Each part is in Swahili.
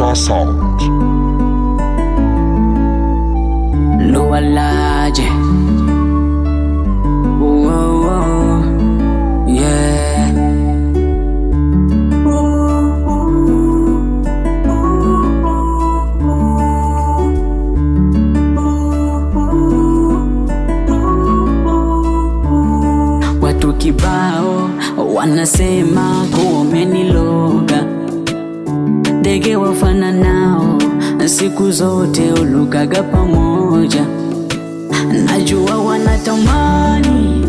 ultrasound. Luwalaje. Whoa, whoa, kibao wanasema kuwa umeniloga ndege wafana nao, siku zote ulukaga pamoja. Najua wanatamani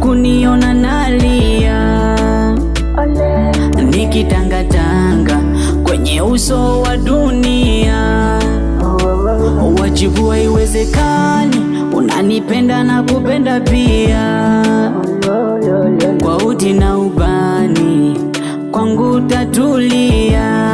kuniona nalia, nikitangatanga kwenye uso wa dunia, wajibu haiwezekani unanipenda na kupenda pia, kwa uti na ubani kwangu tatulia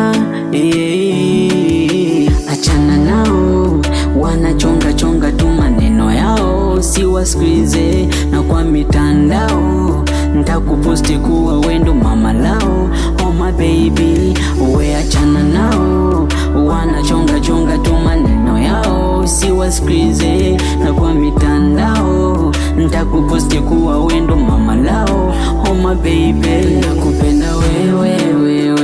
nisikilize, na kwa mitandao ntakuposti kuwa wendo mama lao. Oh my baby, uwe achana nao, wanachonga chonga tu maneno yao, siwasikilize, na kwa mitandao ntakuposti kuwa wendo mama lao. Oh my baby, nakupenda wewe wewe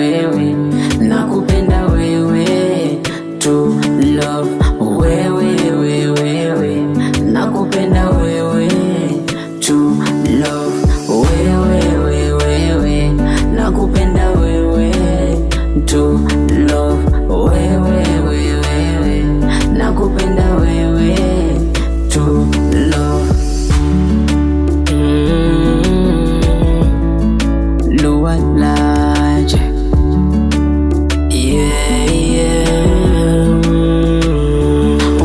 tu lo wewe wewe nakupenda wewe tu lo mm, mm-hmm. yeah, yeah.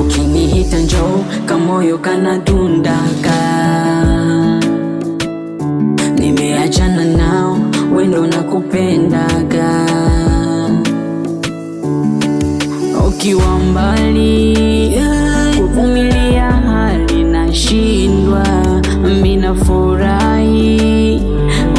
Ukinihita njoo kamoyo kanadundaka nimeachana nao wendo nakupendaga Ukiwa mbali kuvumilia hali na shindwa, mina furahi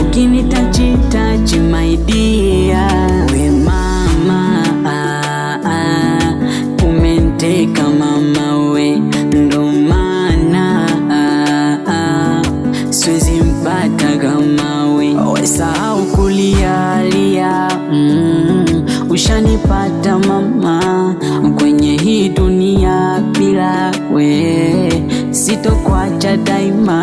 ukinitaji taji my dear. We mama ah, ah, umenteka mama we ndo mana ah, ah, siwezi mpata kama we, wesahau kulialia mm, ushanipata sitokuacha daima,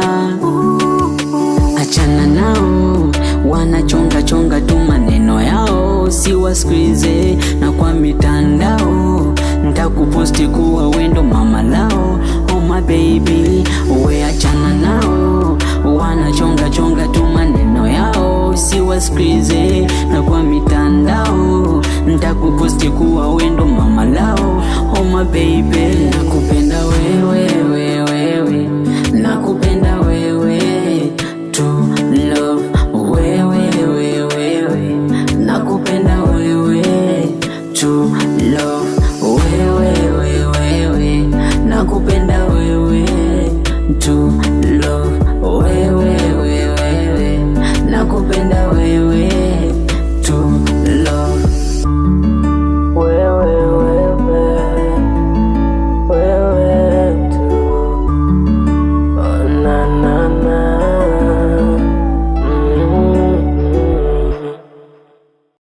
achana nao, wanachonga chonga tu maneno yao, siwasikilize. Na kwa mitandao ntakuposti kuwa wendo mama lao, oh my baby, we achana nao, wanachonga chonga tu maneno yao, siwasikilize na kwa mitandao To.